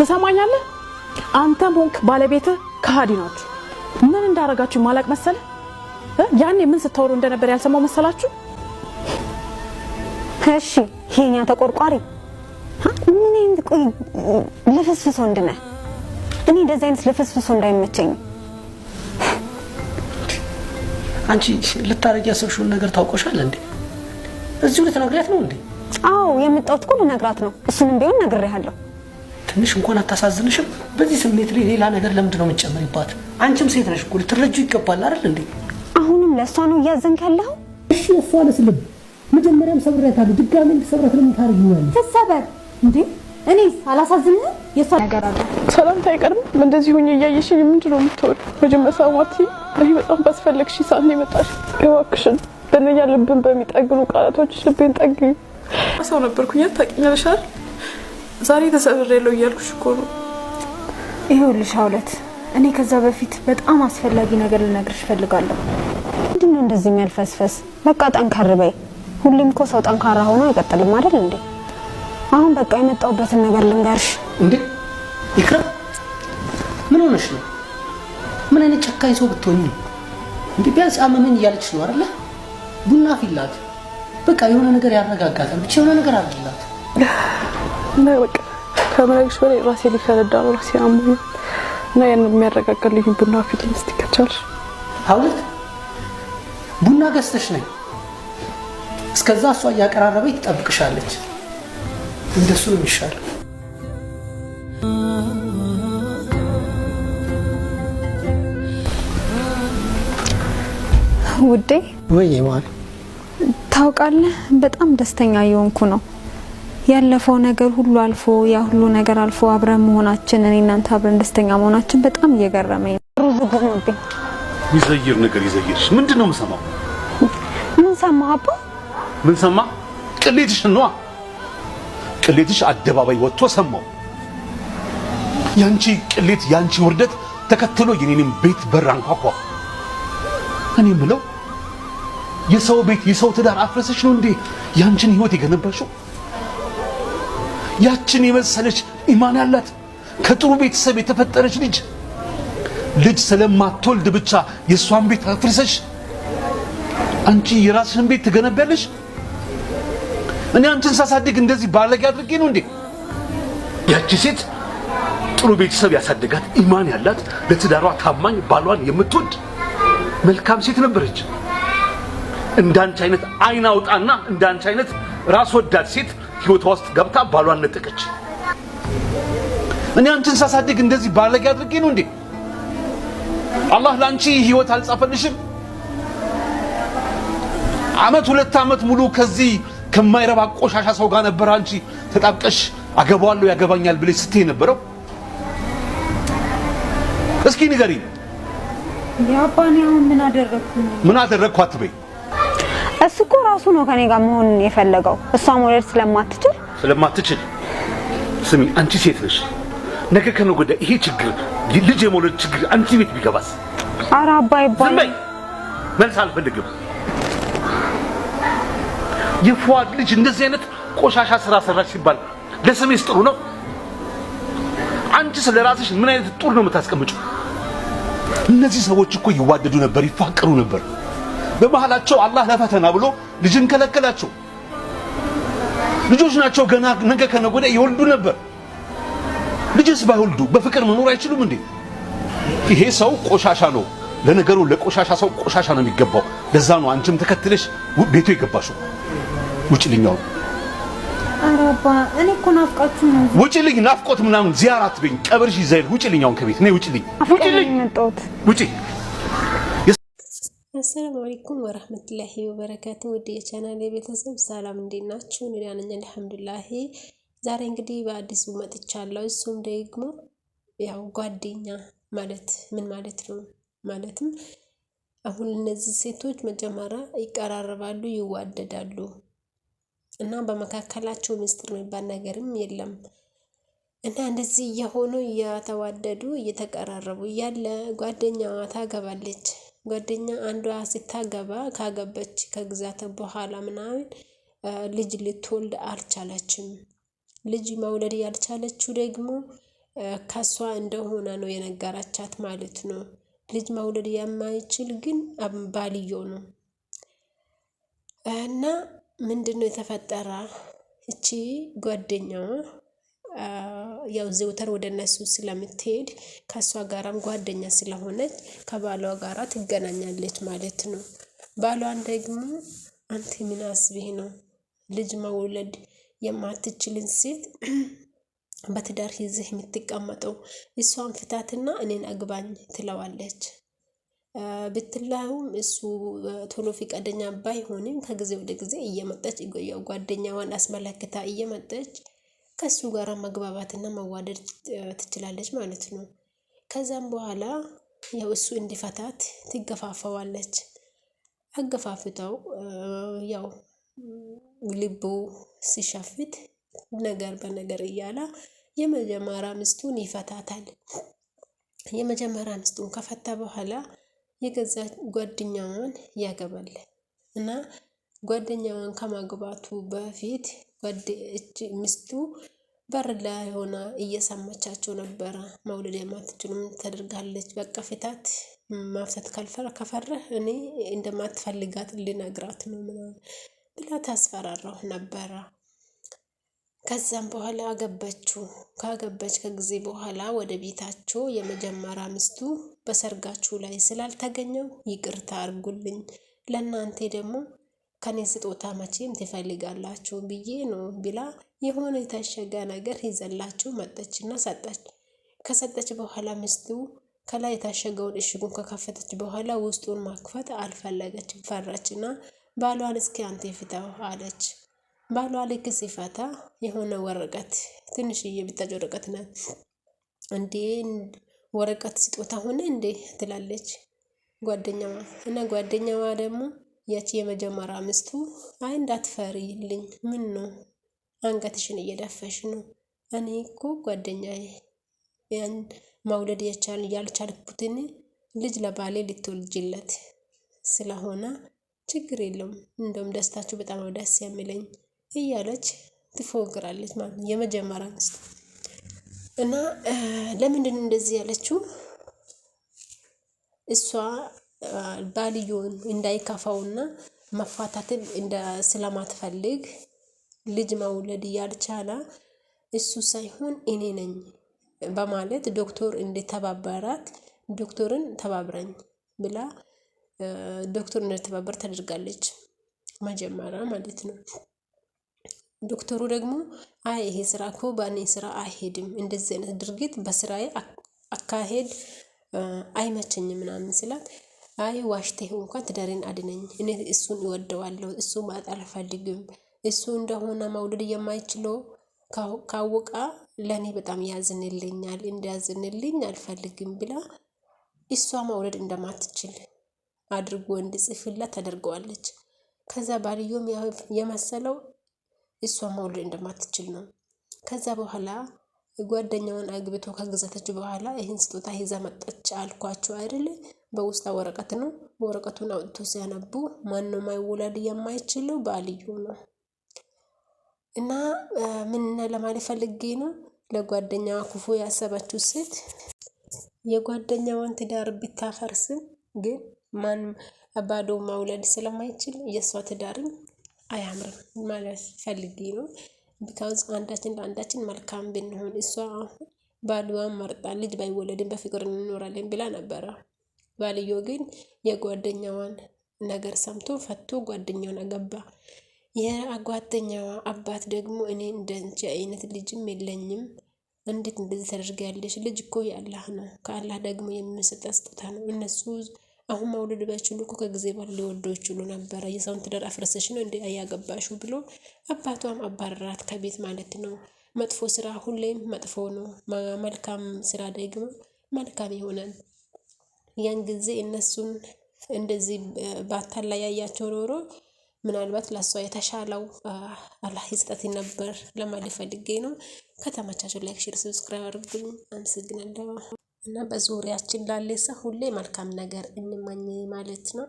ትሰማኛለህ? አንተም ሆንክ ባለቤት ከሃዲ ናችሁ። ምን እንዳረጋችሁ ማላቅ መሰለ። ያኔ ምን ስታወሩ እንደነበር ያልሰማው መሰላችሁ? እሺ ይሄኛ ተቆርቋሪ ምን ቆይ፣ ልፍስፍስ ወንድ ነህ። እኔ እንደዚህ አይነት ልፍስፍስ ወንድ አይመቸኝም። አንቺ ልታረጊ ያሰብሽውን ነገር ታውቆሻል እንዴ? እዚሁ ልትነግሪያት ነው እንዴ? አዎ የምጣውት እኮ ልነግራት ነው። እሱንም ቢሆን ነግሬሃለሁ። ትንሽ እንኳን አታሳዝንሽም? በዚህ ስሜት ላይ ሌላ ነገር ለምንድን ነው የምትጨምሪባት? አንቺም ሴት ነሽ እኮ ልትረጁ ይገባል አይደል እንዴ? አሁንም ለእሷ ነው እያዘንክ ያለኸው? እሺ እሷ አልስልም። መጀመሪያም ሰብሬያታለሁ። ድጋሜ እንድሰብራት ለምን ታደርጊኛለሽ? ትሰበር እንዴ? እኔስ አላሳዝንም? የእሷ ነገር አለ። ሰላምታ አይቀርም። እንደዚህ ሁኜ እያየሽኝ ምንድን ነው የምትወድ? መጀመሪያ ሳማት ይህ በጣም ባስፈለግሽ ሰዓት ነው የመጣሽ። እባክሽን በነኛ ልብን በሚጠግኑ ቃላቶች ልቤን ጠግኝ ሰው ነበርኩኝ። ታውቂኛለሽ አይደል ዛሬ ተሰብሬያለሁ እያልኩሽ እኮ ነው። ይኸውልሽ አውለት፣ እኔ ከዛ በፊት በጣም አስፈላጊ ነገር ልነግርሽ እፈልጋለሁ። ምንድን ነው እንደዚህ የሚያልፈስፈስ? በቃ ጠንከር በይ። ሁሌም እኮ ሰው ጠንካራ ሆኖ አይቀጥልም አይደል እንዴ? አሁን በቃ የመጣሁበትን ነገር ልንገርሽ። እንዴ ይክራ፣ ምን ሆነሽ ነው? ምን አይነት ጨካኝ ሰው ብትሆኝ ነው እንዴ? ቢያንስ አመመኝ እያለች ነው አይደለ? ቡና ፊላት፣ በቃ የሆነ ነገር ያረጋጋታል። ብቻ የሆነ ነገር አድርጊላት። እና በቃ ከምነግርሽ በላይ ራሴ ሊፈነዳ ነው። ራሴ እና ያን የሚያረጋጋልኝ ቡና ፊልም ስትከቻል ቡና ገዝተሽ ነኝ። እስከዛ እሷ እያቀራረበች ትጠብቅሻለች። እንደሱ ነው የሚሻለው። ውዴ ወይ ታውቃለህ፣ በጣም ደስተኛ የሆንኩ ነው ያለፈው ነገር ሁሉ አልፎ ያ ሁሉ ነገር አልፎ አብረን መሆናችን እኔ እናንተ አብረን ደስተኛ መሆናችን በጣም እየገረመኝ ነው። ሆኖብኝ ይዘይር ነገር ይዘይርሽ። ምንድን ነው የምሰማው? ምን ሰማ አባ? ምን ሰማ? ቅሌትሽ ነዋ። ቅሌትሽ አደባባይ ወጥቶ ሰማው። ያንቺ ቅሌት፣ ያንቺ ውርደት ተከትሎ የኔንም ቤት በር አንኳኳ። እኔ ምለው የሰው ቤት የሰው ትዳር አፍረሰሽ ነው እንዴ ያንቺን ህይወት የገነባሽው? ያችን የመሰለች ኢማን ያላት ከጥሩ ቤተሰብ የተፈጠረች ልጅ ልጅ ስለማትወልድ ብቻ የእሷን ቤት አፍርሰሽ አንቺ የራስሽን ቤት ትገነቢያለሽ። እኔ አንቺን ሳሳድግ እንደዚህ ባለጌ አድርጌ ነው እንዴ? ያቺ ሴት ጥሩ ቤተሰብ ያሳደጋት ኢማን ያላት ለትዳሯ ታማኝ ባሏን የምትወድ መልካም ሴት ነበረች። እንዳንቺ አይነት አይን አውጣና እንዳንቺ አይነት ራስ ወዳድ ሴት ህይወቷ ውስጥ ገብታ ባሏን ነጠቀች። እኔ አንቺን ሳሳድግ እንደዚህ ባለጌ አድርጌ ነው እንዴ? አላህ ለአንቺ ህይወት አልጻፈልሽም? አመት ሁለት አመት ሙሉ ከዚህ ከማይረባ ቆሻሻ ሰው ጋር ነበር አንቺ ተጣብቀሽ አገባዋለሁ ያገባኛል ብለሽ ስትይ ነበረው። እስኪ ንገሪኝ፣ ምን አደረግኩ አትበይ። እሱ እኮ ራሱ ነው ከኔ ጋር መሆን የፈለገው። እሷ መውለድ ስለማትችል ስለማትችል ስሚ፣ አንቺ ሴት ነሽ። ነገ ከነገ ወዲያ ይሄ ችግር ልጅ የመውለድ ችግር አንቺ ቤት ቢገባስ? አረ አባይ ባይ መልስ አልፈልግም። የፉአድ ልጅ እንደዚህ አይነት ቆሻሻ ስራ ሰራች ሲባል ለስሜስ ጥሩ ነው። አንቺ ስለ ራስሽ ምን አይነት ጡር ነው የምታስቀምጪው? እነዚህ ሰዎች እኮ ይዋደዱ ነበር፣ ይፋቀሩ ነበር። በመሃላቸው አላህ ለፈተና ብሎ ልጅን ከለከላቸው። ልጆች ናቸው ገና ነገ ከነገ ወዲያ ይወልዱ ነበር። ልጅስ ባይወልዱ በፍቅር መኖር አይችሉም እንዴ? ይሄ ሰው ቆሻሻ ነው። ለነገሩ ለቆሻሻ ሰው ቆሻሻ ነው የሚገባው። ለዛ ነው አንቺም ተከትለሽ ቤቱ የገባሽው። ውጭ ልኛው አራባ እኔ እኮ ነው። ውጭ ልኝ ናፍቆት ምናምን ዚያራት ብኝ ቀብርሽ ይዘል ውጭ ልኛውን ከቤት እኔ ውጭ ልኝ ውጭ ልኝ ውጭ አሰላሙ አለይኩም ወራህመቱላሂ ወበረካቱ። ውድ የቻናል የቤተሰብ ሰላም እንዴት ናችሁ? ኒዳነኝ አልሐምዱላሂ። ዛሬ እንግዲህ በአዲሱ መጥቻለሁ። እሱም ደግሞ ያው ጓደኛ ማለት ምን ማለት ነው? ማለትም አሁን እነዚህ ሴቶች መጀመሪያ ይቀራረባሉ፣ ይዋደዳሉ እና በመካከላቸው ምስጢር የሚባል ነገርም የለም እና እንደዚህ እየሆኑ እየተዋደዱ እየተቀራረቡ እያለ ጓደኛዋ ታገባለች። ጓደኛ አንዷ ስታገባ ካገበች ከግዛት በኋላ ምናምን ልጅ ልትወልድ አልቻለችም። ልጅ መውለድ ያልቻለችው ደግሞ ከሷ እንደሆነ ነው የነገረቻት ማለት ነው። ልጅ መውለድ የማይችል ግን ባልየው ነው። እና ምንድነው የተፈጠረ? እቺ ጓደኛዋ ያው ዘውተር ወደ እነሱ ስለምትሄድ ከእሷ ጋራም ጓደኛ ስለሆነች ከባሏ ጋራ ትገናኛለች ማለት ነው። ባሏን ደግሞ አንተ ምን አስበህ ነው ልጅ መውለድ የማትችልን ሴት በትዳር ይዘህ የምትቀመጠው? እሷን ፍታትና እኔን አግባኝ ትለዋለች። ብትላውም እሱ ቶሎ ፍቃደኛ ባይሆንም ከጊዜ ወደ ጊዜ እየመጣች ጓደኛዋን አስመለክታ እየመጣች ከእሱ ጋር መግባባትና መዋደድ ትችላለች ማለት ነው። ከዛም በኋላ ያው እሱ እንዲፈታት ትገፋፈዋለች አገፋፍተው ያው ልቡ ሲሸፍት ነገር በነገር እያለ የመጀመሪያ ምስቱን ይፈታታል። የመጀመሪያ ምስቱን ከፈታ በኋላ የገዛ ጓደኛዋን ያገባል። እና ጓደኛዋን ከማግባቱ በፊት ጓዴ እች ሚስቱ በር ላይ ሆና እየሰማቻቸው ነበረ። መውለድ የማትችሉም ተደርጋለች። በቃ ፊታት ማፍታት ካልፈረ ከፈረህ እኔ እንደማትፈልጋት ልነግራት ነው ምናምን ብላ ታስፈራራሁ ነበረ። ከዛም በኋላ አገባችው። ካገባች ከጊዜ በኋላ ወደ ቤታቸው የመጀመሪያ ሚስቱ በሰርጋችሁ ላይ ስላልተገኘው ይቅርታ አርጉልኝ ለእናንተ ደግሞ ከኔ ስጦታ መቼም ትፈልጋላችሁ ብዬ ነው ብላ የሆነ የታሸገ ነገር ይዘላችሁ መጠችና ሰጠች። ከሰጠች በኋላ ምስቱ ከላይ የታሸገውን እሽጉን ከከፈተች በኋላ ውስጡን ማክፈት አልፈለገች፣ ፈራችና ባሏን እስኪ አንተ ፍታው አለች። ባሏ ልክ ሲፈታ የሆነ ወረቀት ትንሽዬ ብታጭ ወረቀት ነ እንዴ ወረቀት ስጦታ ሆነ እንዴ ትላለች ጓደኛዋ እና ጓደኛዋ ደግሞ ያቺ የመጀመሪያ ሚስቱ አይ እንዳትፈሪልኝ፣ ምን ነው አንገትሽን እየደፈሽ ነው? እኔ እኮ ጓደኛዬ ያን መውለድ የቻል ያልቻልኩትን ልጅ ለባሌ ልትወልጅለት ስለሆነ ችግር የለውም፣ እንደውም ደስታችሁ በጣም ነው ደስ የሚለኝ እያለች ትፎግራለች ማለት ነው የመጀመሪያ ሚስቱ። እና ለምንድን ነው እንደዚህ ያለችው? እሷ ባልየውን እንዳይከፋውና መፋታትን እንደ ስለማትፈልግ ልጅ መውለድ ያልቻለ እሱ ሳይሆን እኔ ነኝ በማለት ዶክተር እንደተባበራት ዶክተርን ተባብረኝ ብላ ዶክተር እንደተባበር ተደርጋለች። መጀመሪያ ማለት ነው። ዶክተሩ ደግሞ አይ ይሄ ስራ እኮ በእኔ ስራ አይሄድም፣ እንደዚህ አይነት ድርጊት በስራዬ አካሄድ አይመቸኝም ምናምን ስላት አይ ዋሽተህ እንኳን ትዳሬን አድነኝ እኔ እሱን እወደዋለሁ እሱ ማጣት አልፈልግም እሱ እንደሆነ መውደድ የማይችለው ካወቃ ለኔ በጣም ያዝንልኛል እንዲያዝንልኝ አልፈልግም ብላ እሷ መውለድ እንደማትችል አድርጎ እንዲጽፍላት ታደርገዋለች። ከዛ ባልየውም የመሰለው እሷ መውለድ እንደማትችል ነው። ከዛ በኋላ ጓደኛዋን አግብቶ ከገዘተች በኋላ ይህን ስጦታ ይዛ መጣች አልኳቸው አይደል? በውስጣ ወረቀት ነው። ወረቀቱን አውጥቶ ሲያነቡ ማንም መውለድ የማይችለው ባልዩ ነው። እና ምን ለማለት ፈልጌ ነው፣ ለጓደኛዋ ክፉ ያሰበችው ሴት የጓደኛዋን ትዳር ብታፈርስም ግን ማን ባዶ መውለድ ስለማይችል የእሷ ትዳርም አያምርም ማለት ፈልጌ ነው። ቢካዝ አንዳችን ለአንዳችን መልካም ብንሆን እሷ ባልዋን መርጣ ልጅ ባይወለድን በፍቅር እንኖራለን ብላ ነበረ። ባልዮ ግን የጓደኛዋን ነገር ሰምቶ ፈቶ ጓደኛውን አገባ። የጓደኛዋ አባት ደግሞ እኔ እንደንቺ አይነት ልጅም የለኝም እንዴት እንደዚህ ታደርጊያለሽ? ልጅ እኮ የአላህ ነው። ከአላህ ደግሞ የሚሰጥ ስጦታ ነው። እነሱ አሁን መውለድ ባይችሉ እኮ ከጊዜ በኋላ ሊወልዱ ይችሉ ነበረ። የሰውን ትዳር አፍረሰሽ ነው እንዴ አያገባሹ ብሎ አባቷም አባረራት ከቤት ማለት ነው። መጥፎ ስራ ሁሌም መጥፎ ነው። መልካም ስራ ደግሞ መልካም ይሆናል። ያን ጊዜ እነሱን እንደዚህ ባታ ላይ ያያቸው ኖሮ ምናልባት ለእሷ የተሻለው አላህ ይስጠት ነበር ለማለት ፈልጌ ነው። ከተመቻቸው ላይክ፣ ሼር፣ ሰብስክራይብ አድርጉኝ። አመሰግናለሁ። እና በዙሪያችን ላለ ሰው ሁሌ መልካም ነገር እንመኝ ማለት ነው።